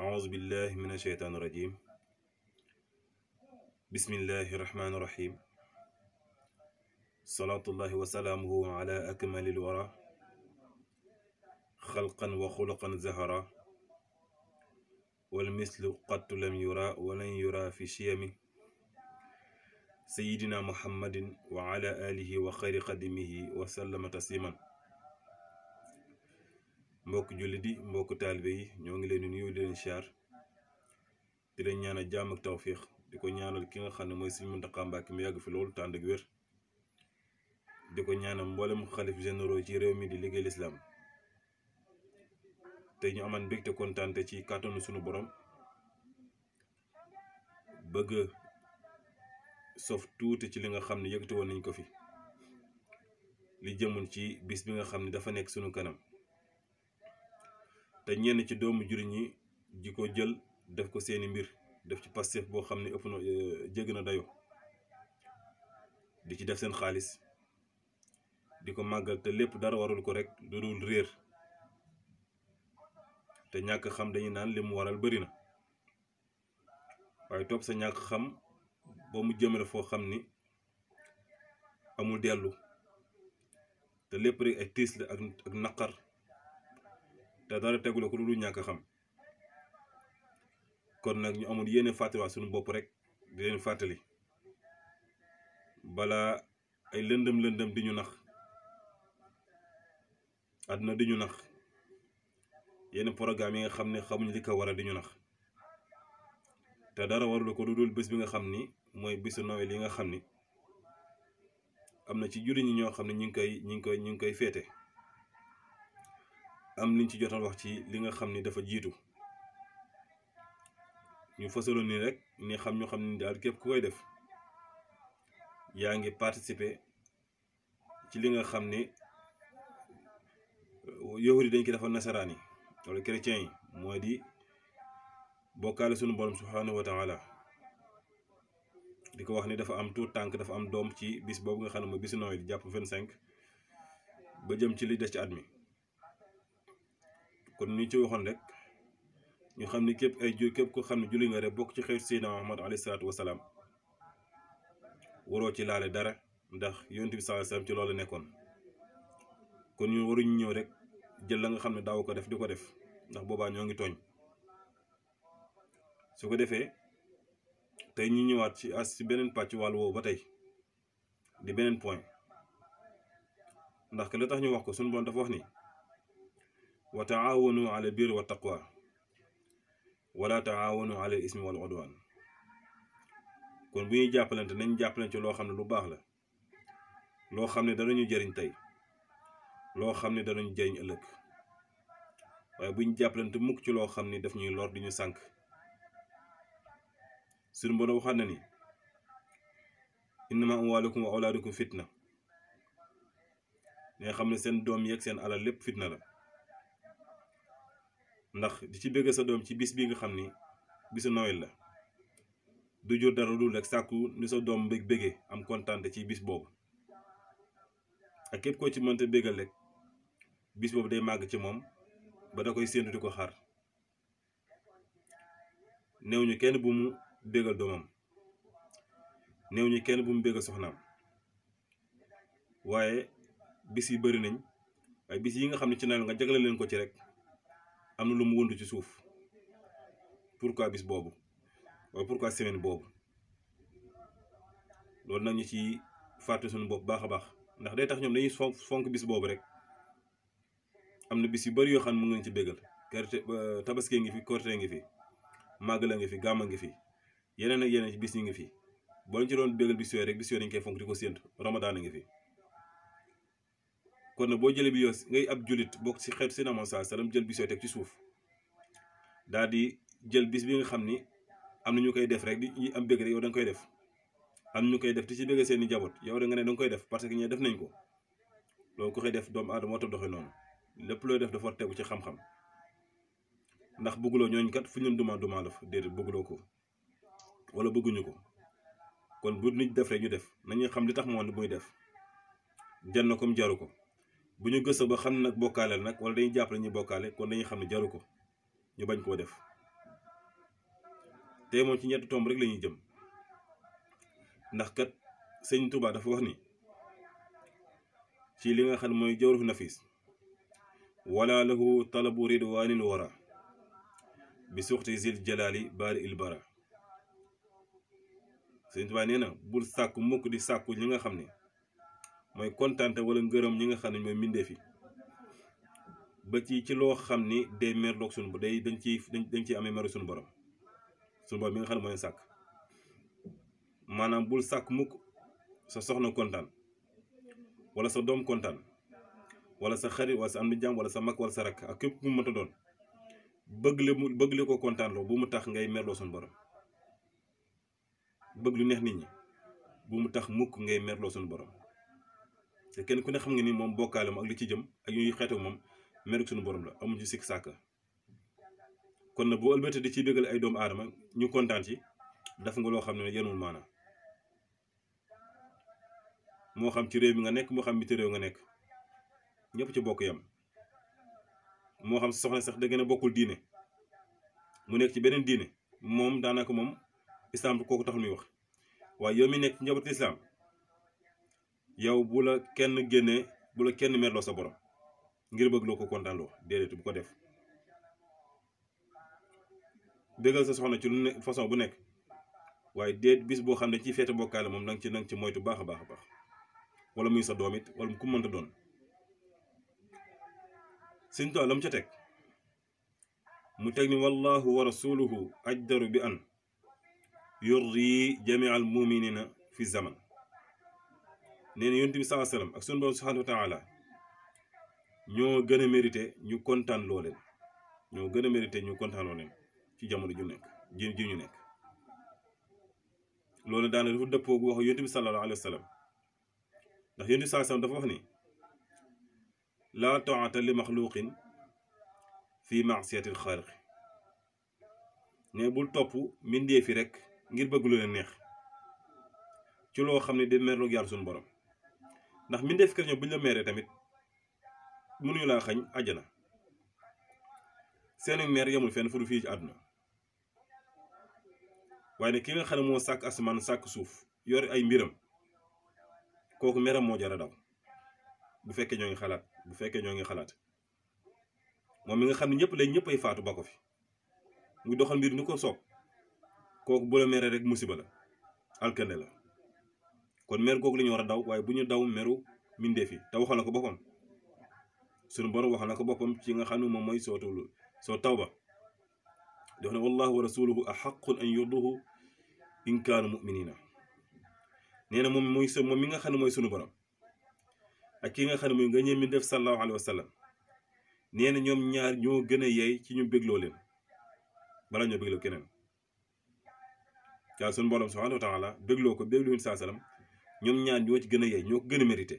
أعوذ بالله من الشيطان الرجيم بسم الله الرحمن الرحيم صلاة الله وسلامه على أكمل الورى خلقا وخلقا زهرا والمثل قد لم يرى ولن يرى في شيم سيدنا محمد وعلى آله وخير قدمه وسلم تسليما mbokk jullit yi mbokk taalibe yi ñoo ngi leen di nuyu di leen siyaar di leen ñaanal jàmm ak tawfiix di ko ñaanal ki nga xam ne mooy Sëriñ Muntaxa Mbàkke mu yàgg fi loolu tànd ak wér di ko ñaanal mboolem xalif généraux ci réew mi di liggéey lislaam te ñu aman mbégte kontaante ci kàttanu sunu borom bëgg sof tuuti ci li nga xam ne yëgte woon nañ ko fi li jëmul ci bis bi nga xam ne dafa nekk sunu kanam te ñenn ci doomu juriñ yi ji ko jël def ko seeni mbir def ci Pastef boo xam ne ëpp na euh, jégg na dayo di ci def seen xaalis di ko màggal te lépp dara warul ko rek lu dul réer te ñàkk xam dañu naan li mu waral bari na waaye topp sa ñàkk xam ba mu jëmale foo xam ni amul dellu te lépp rek ay tiis la ak naqar te dara tegu la ko lu ñàkk xam kon nag ñu amul yéene fàttaliwaat suñu bopp rek di leen fàttali balaa ay lëndëm lëndëm di ñu nax àdduna di ñu nax yenn programme yi nga xam ne xamuñ li ko waral di ñu nax te dara warul ko lu dul bés bi nga xam ni mooy bésu Noël yi nga xam ni am na ci juriñ ñoo xam ne ñu ngi koy ñu ngi koy ñu ngi koy féete. am liñ ci jotal wax ci li nga xam ni dafa jiitu ñu fasaloon nii rek ni xam ñu xam ni daal képp ku koy def yaa ngi participer ci li nga xam ni euh, yahudi dañ ko dafa nasaraan yi wala chrétiens yi mooy di boo bokkaale sunu borom subhanahu wa taala di ko wax ni dafa am tuut tànk dafa am doom ci bis boobu nga xam ne mooy bisu di jàpp vingt cinq ba jëm ci li des ci at mi kon ni ci waxoon rek ñu xam ne képp ay ju képp ko xam ne julli nga rek bokk ci xeetu Seydina Muhammad alayhi salaatu wasalaam waroo ci laale dara ndax yonent bi sallallahu alayhi ci loolu nekkoon kon ñu waruñu ñëw rek jël la nga xam ne daaw ko def di ko def ndax boobaa ñoo ngi tooñ su ko defee tey ñu ñëwaat ci as ci beneen pàcc wàll woowu ba tey di beneen point ndax que tax ñu wax ko suñu bon dafa wax ni wa taawanu ala birri wa taqwa wala taawanu ala ismi wal kon bu ñuy jàppalante nañ jàppalante ci loo xam ne lu baax la loo xam ne danañu jariñ tey loo xam ne danañu jëriñ ëllëg waaye bu ñu jàppalante mukk ci loo xam ne daf ñuy lor di ñu sànk suñu Boroom waxaat na ni innama amwaalukum wa awlaadukum fitna nga xam ne seen doom yeeg seen alal lépp fitna la ndax di ci bëgg sa doom ci biis bi nga xam ni bisu Noël la du jur dara lu rek sàkku ni sa doom bëgg bëggee am kontaante ci bis boobu ak képp koo ci mënta bëggal rek bis boobu day màgg ci moom ba da koy séentu di ko xaar néew ñu kenn bu mu bëggal doomam néew ñu kenn bu mu bëggal soxnaam waaye bis yi bari nañ waaye biis yi nga xam ne ci Noël nga jagleel leen ko ci rek. am na lu mu wëndu ci suuf pourquoi bis boobu waaye pourquoi semaine boobu loolu nag ñu ci fàtte suñu bopp baax a baax ndax day tax ñoom dañuy fonk fonk bis boobu rek am na bis yu bari yoo xam ne mu ngi leen ci bégal korite tabaski ngi fi korite ngi fi màggala ngi fi gàmma ngi fi yeneen ak yeneen ci bis yi ngi fi boo ñu ci doon bégal bis yooyu rek bis yooyu dañ koy fonk di ko séentu ramadaan ngi fi kon nag boo jëlee bi yoos ngay ab julit bokk ci xeetu seen amoon saa salaam jël bis yooyu teg ci suuf daal di jël bis bi nga xam ni am na ñu koy def rek di ñuy am bëgg rek yow da koy def am na koy def di ci bëgg seen i njaboot yow da nga ne da koy def parce que ñee def nañ ko loo ko koy def doomu aadama moo tax doxee noonu lépp looy def dafa tegu ci xam-xam ndax bëgguloo ñooñu kat fu ñu dumaa duma duma la bëgguloo ko wala bëgguñu ko kon bu nit def rek ñu def nañuy xam li tax moo buy def jar na comme jaru ko. bu ñu gëstoo ba xam ne nag bokkaaleel nag wala dañuy jàppale ñu bokkaale kon dañuy xam ne jaru ko ñu bañ koo def te ci ñett tomb rek la ñuy jëm ndax kat sëñ Touba dafa wax ni ci li nga xam ne mooy jawruhu nafis wala lahu talabu ridwanil wara bi suxti zil jalaali baari il bara sëñ nee na bul sàkku mukk di sàkku li nga xam ne mooy kontante wala ngërëm ñi nga xam ne mooy mbindeef yi ba ci ci loo xam ni day merloog suñu day dañ ciy dañ ciy amee meru suñu borom suñu borom bi nga xam ne mooy sàkk maanaam bul sàkk mukk sa soxna kontaan wala sa doom kontaan wala sa xarit wala sa am di jàmm wala sa mag wala sa rakk ak képp ku mu a doon bëgg le mu bëgg le ko kontaan loo bu mu tax ngay merloo suñu borom bëgg lu neex nit ñi bu mu tax mukk ngay merloo suñu borom kenn ku ne xam nga ni moom bokkaale ak li ci jëm ak yuy xeetu moom meruk suñu borom la amuñ ci sikk sàkka kon na bu ëlbatee di ci bégal ay doomu aadama ñu kontaan ci daf nga loo xam ne yenul maana moo xam ci réew mi nga nekk moo xam biti réew nga nekk ñëpp ci bokk yam moo xam si soxna sax da ngeen a bokkul diine mu nekk ci beneen diine moom daanaka moom islam kooku taxul muy wax waaye yow mi nekk ci islam yow bu la kenn génnee bu la kenn merloo sa borom ngir bëgg loo ko kontaanloo déedéet bu ko def bëggal sa soxna ci lu ne façon bu nekk waaye déet bis boo xam ne ci feete bokkaale moom danga ci danga ci moytu baax a baax a baax wala muy sa doom it wala ku mënta doon sëñ Tuubaa la mu ca teg mu teg ni wallahu wa rasuluhu ajdaru bi an yurri jamia al muminina fi zaman nee na yonent bi saa sallam ak sunu borom subhanahu wa taala ñoo gën a mérité ñu kontaan loo leen ñoo gën a mérité ñu kontaan loo leen ci jamono ju nekk ji ji ñu nekk loolu daana dafa dëppoo wax yonent bi sallallahu alayhi wa sallam ndax yonent bi saa sallam dafa wax ni laa taata li maxluqin fi maasiyatil xaaliq ne bul topp mbindee fi rek ngir bëgg lu leen neex ci loo xam ne di merloog yàlla suñu borom ndax mbindeef kër ñoom bu ñu la meeree tamit mënuñu laa xañ ajana seeni meer yamul fenn fu du fii ci àdduna waaye ne ki nga xam moo sàkk asamaan sàkk suuf yore ay mbiram kooku meram moo jar a bu fekkee ñoo ngi xalaat bu fekkee ñoo ngi xalaat moom mi nga xam ne ñëpp lay ñëpp ay faatu ba ko fi mu doxal mbir ni ko soog kooku bu la meeree rek musiba la alkande la kon mer gog lañu wara daw waye buñu daw meru mbindeef yi taw waxal la ko boppam sunu borom waxal la ko boppam ci nga xanu ne moy sotul so tawba dox ne wallahu wa rasuluhu axaqun an yurduhu in kanu muminina neena mom moy so mom mi nga xanu moy sunu borom ak ki nga xanu moy nga ñeemi def sallahu alayhi wa sallam nee na ñaar ñoo gëna yey ci ñu bégloo leen bala ñoo bégloo keneen ya sunu borom subhanahu wa taala bégloo ko bégloo leen saa sallam ñoom ñaar ñoo ci gën a yey ñoo ko gën a mérité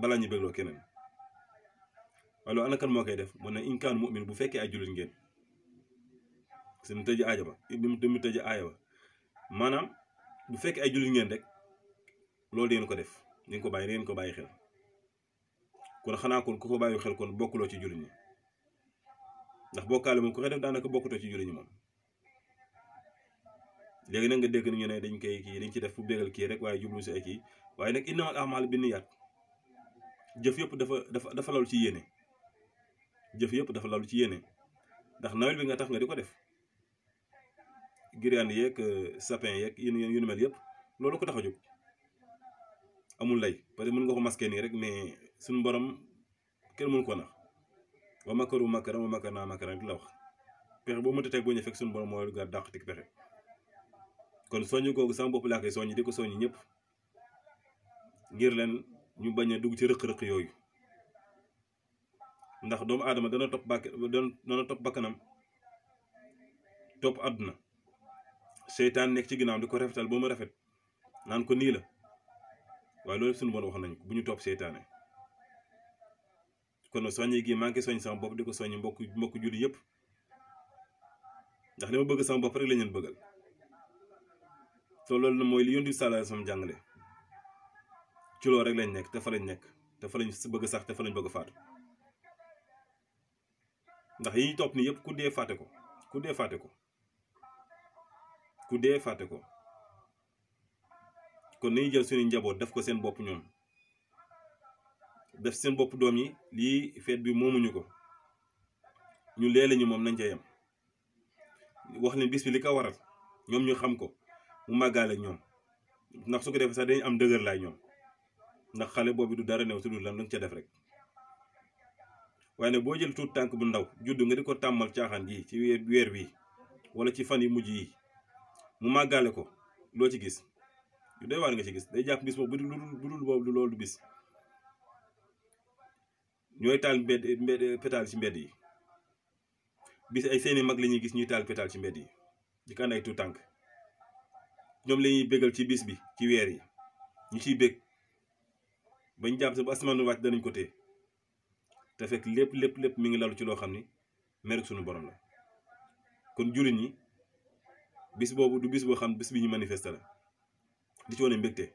balaa ñu bégloo keneen alors ana kan moo koy def mu ne in kaan mu'min bu fekkee ay jullit ngeen si mu tëj aaya ba ni mu tëj aaya ba maanaam bu fekkee ay jullit ngeen rek loolu dangeen ko def dangeen ko bàyyi dangeen ko bàyyi xel kon xanaa kon ku ko bàyyi xel kon bokkuloo ci jullit ñi ndax bokkaale moom ku koy def daanaka bokkutoo ci jullit ñi moom légui nak nga dégg ñu né dañ koy kii dañ ci def fu bégal kii rek waye jumlu ci ay kii waye nak innamal amal bi niyyat jëf yëpp dafa dafa dafa lalu ci yéene jëf yëpp dafa lalu ci yéene ndax nawel bi nga tax nga diko def giriyaan yek euh, sapin yek yu yu mel yëpp lolu ko taxaju amul lay parce mën nga ko masqué ni rek mais suñu borom kër mën ko nax wa makaru makaram wa makar makaram la wax pex bo mu teg boo ñëw fek suñu borom moo la dàq tik pexe kon soññ googu sama bopp laa koy soññ di ko soññ ñëpp ngir leen ñu bañ a dugg ci rëq-rëq yooyu ndax doomu aadama dana topp bàkk dana topp bakkanam top àdduna seytaan nekk ci ginnaaw di ko rafetal ba mu rafet nan ko nii la waaye loolu suñu bon wax nañ ko bu ñu topp kon soññ gi maa ngi sama bopp di ko soññ mbokk julli yëpp ndax li bëgg sama bopp rek la ñu bëggal so lol na moy li yondi bi sallallahu alayhi wasallam jàngale ci lo rek lañ nek te fa lañ nek te fa lañ bëgg sax te fa lañ bëgg faatu ndax yi top ni yëpp ku dé faaté ko ku dé faaté ko ku dé faaté ko ko ni jël suñu njabot def ko seen bop ñoom def seen bop doom yi li fête bi momu ñuko ñu lee lañu moom nañ ca yam wax ni bis bi li ka waral ñom ñu xam ko mu màggaale ñoom ndax su ko defee sax dañu am dëgër laay ñoom ndax xale boobu du dara new su dul lan dañ ca def rek waaye nag boo jël tuut tànk bu ndaw judd nga di ko tàmmal caaxaan yi ci weer weer wi wala ci fan yu mujj yi mu màggaale ko loo ci gis yu doy waar nga ci gis day jàpp bis boobu bu dul bu dul boobu du loolu du bis ñooy taal mbedd ci mbedd yi bis ay seeni mag la ñuy gis ñuy taal pétaal ci mbedd yi di ko ànd ay tuut tànk ñoom lañuy ñuy ci bis bi ci weer yi ñu ciy bég bañ jàpp ba bu asamaan wàcc danañ ko téye te fekk lépp lépp lépp mi ngi lalu ci loo xam ni merek suñu borom la kon jullit ñi bis boobu du bis boo xam bis bi ñu manifester la di ci wane mbégte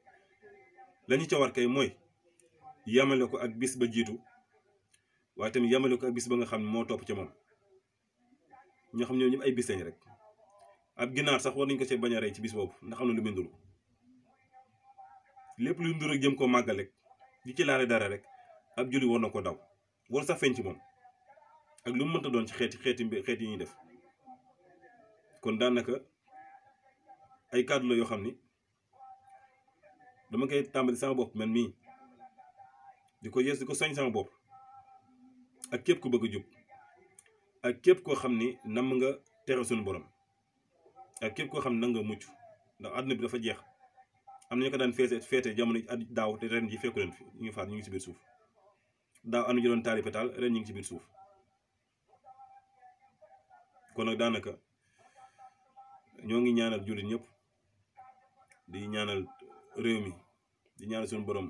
la ca war kay mooy yamale ko ak bis ba jiitu waaye tamit yamale ko ak bis ba nga xam ne moo topp ca moom ñoo xam ñoo ñëpp ay bis lañ rek ab ginaar sax war nañu ko see bañ a rey ci bis boobu ndax am na lu muy nduru lépp lu nduru jëm koo màggal rek li ci laale dara rek ab julli war na ko daw war sax feeñ ci moom ak lu mu mënta doon ci xeeti xeeti xeet yi ñuy def kon daanaka ay kàddu yoo xam ni dama koy tàmbali sama bopp man mii di ko yees di ko soñ sama bopp ak képp ku bëgg a jub ak képp koo xam ni namm nga tere sunu borom ak képp koo xam ne nanga mucc ndax àdduna bi dafa jeex am na ñu ko daan feete feete jamono daaw te ren ji fekku leen fi ñu faat ñu ngi si biir suuf daaw am na ñu doon taali pétaal ren ñu ngi si biir suuf kon nag daanaka ñoo ngi ñaanal jullit ñépp di ñaanal réew mi di ñaanal suñu borom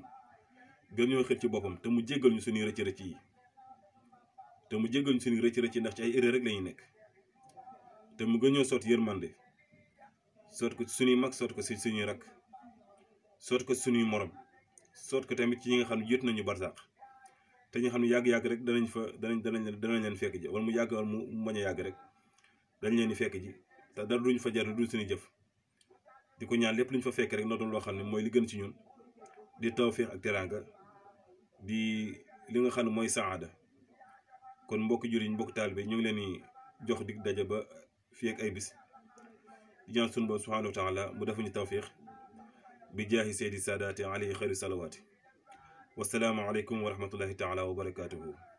gën ñoo xëcc ci boppam te mu jéggal ñu suñuy rëcc rëcc yi te mu jéggal ñu suñuy rëcc rëcc yi ndax ci ay erreur rek lañuy nekk te mu gën ñoo sotti yërmande soot ko ci suñuy mag soot ko ci suñuy rak soot ko ci suñuy morom soot ko tamit ci ñi nga xam ne jot nañu barsàq te ñu xam ne yàgg-yàgg rek danañ fa danañ danañ danañ leen fekk ji wala mu yàgg wala mu bañ a rek dañ leen di fekk ji te dara fa jar du suñu jëf di ko ñaan lépp luñ fa fekk rek na doon loo xam ne mooy li gën si ñun di tawféex ak teraanga di li nga xam ne mooy saada kon mbokk juriñ mbokk taalibe ñu ngi leen di jox dig daje ba fii ak ay bis جان سنبا سبحانه وتعالى مدفن التوفيق بجاه سيدي السادات عليه خير الصلوات والسلام عليكم ورحمة الله تعالى وبركاته